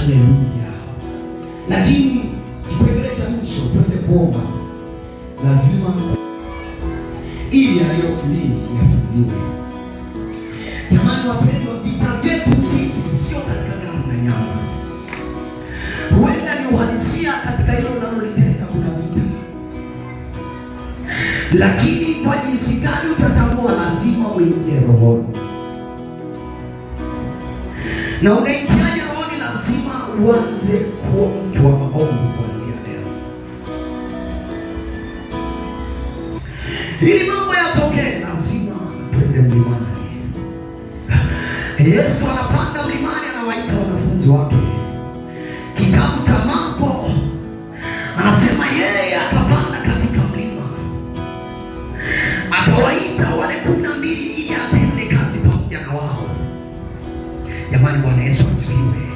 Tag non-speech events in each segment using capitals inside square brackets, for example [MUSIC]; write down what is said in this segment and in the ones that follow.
Haleluya. Lakini kipengele cha mwisho twende kuomba, lazima ili aliyosilini yafunguliwe. Jamani wapendwa, vita vyetu sisi sio katika damu na nyama. Huenda ni uhalisia katika hilo unalolitenda, kuna vita, lakini kwa jinsi gani utatambua? Lazima uingie rohoni na unaingia uanze kuwa mtu wa maombi kuanzia leo, ili mambo yatokee, lazima twende mlimani. Yesu anapanda mlimani, anawaita wanafunzi wake. Kitabu anasema yeye akapanda katika mlima, akawaita atende Jamani, Bwana Yesu asifiwe.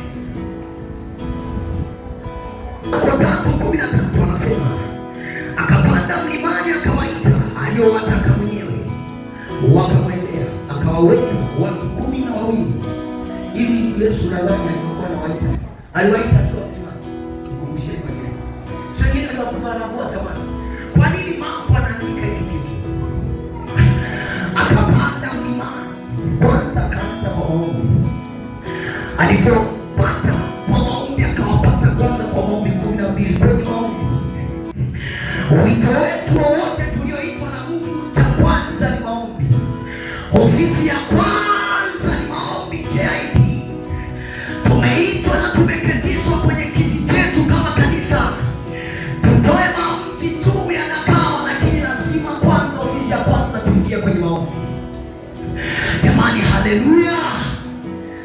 akawaweka watu kumi na wawili ili Yesu nadhani alikuwa anawaita, aliwaita tu [LAUGHS] kwa maombi, akawapata kwanza kwa maombi kumi na mbili kwenye maombi wito wetu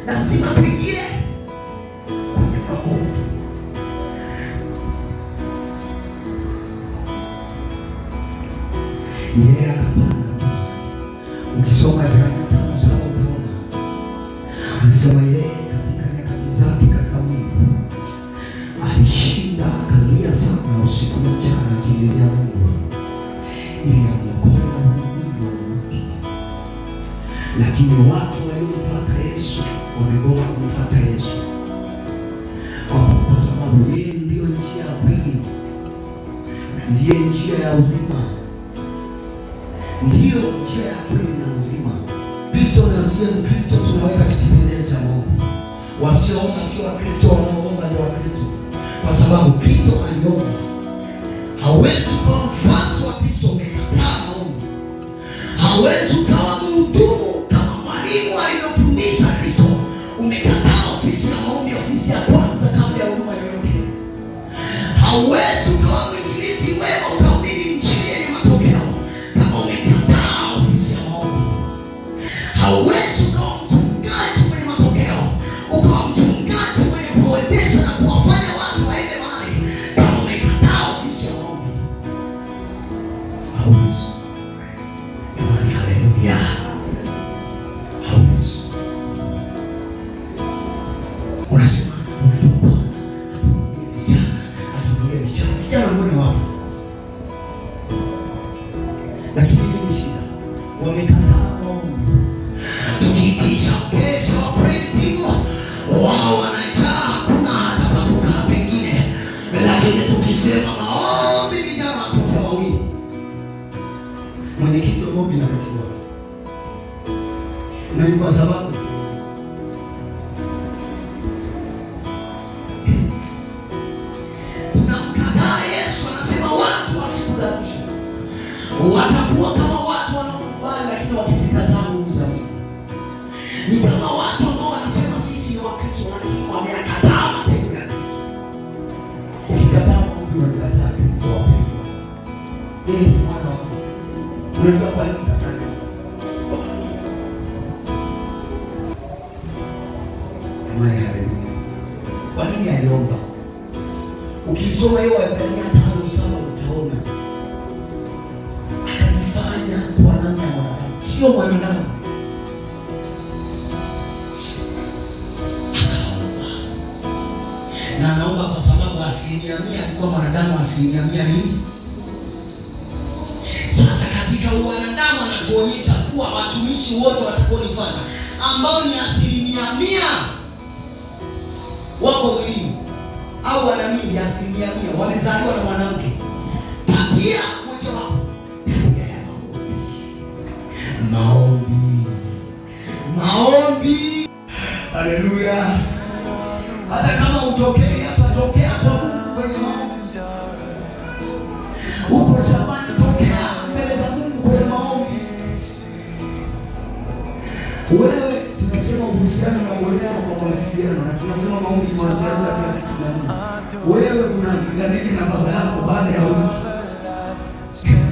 lazima tuingie kwenye ukisoma Ibrania tano saba anasema yeye katika nyakati zake katika mwili alishinda, akalia sana usiku na mchana akimlilia Mungu ili amwokoe na Mungu, lakini watu sababu yeye ndiyo njia ya kweli ndiye njia ya uzima, ndiyo njia ya kweli na uzima. Kristo na sio Kristo tunaweka kipengele cha Mungu. Wasioomba sio Wakristo, wanaoomba ndio Wakristo, kwa sababu Kristo aliomba. Hawezi kuwa mfuasi wa Kristo hauwezi ukawa mwinjilizi wema nem com a salada. Tá Tunamkataa tá então, eu anasema watu wasikudamishe, watakuwa kama watu wanaokubali, lakini wakizikataa nguvu za Mungu. Ni kama watu ambao não sisi ni Wakristo, lakini wameyakataa matendo ya a Ukikataa Mungu, unakataa Kristo. Yesu mwana wa Mungu, unajua kwa a sasa Bwana haleluya. Kwa nini aliomba? Ukisoma hiyo Waebrania tano saba utaona akajifanya kwa namna ya mwanadamu, sio mwanadamu. na anaomba kwa sababu asilimia mia alikuwa mwanadamu, asilimia mia nini? Sasa katika uwanadamu anatuonyesha kuwa watumishi wote watakuwa ni ambao ni asilimia mia wako mwilini au wana mimba ya asilimia mia wamezaliwa na mwanamke. Tabia mojawapo tabia ya maombi, maombi. Haleluya! hata kama utokee, patokea kwa Mungu kwenye maombi. mahusiano na kwa mawasiliano, na tunasema maombi mawasiliano kati ya na Mungu. Wewe unawasiliana na baba yako baada ya wiki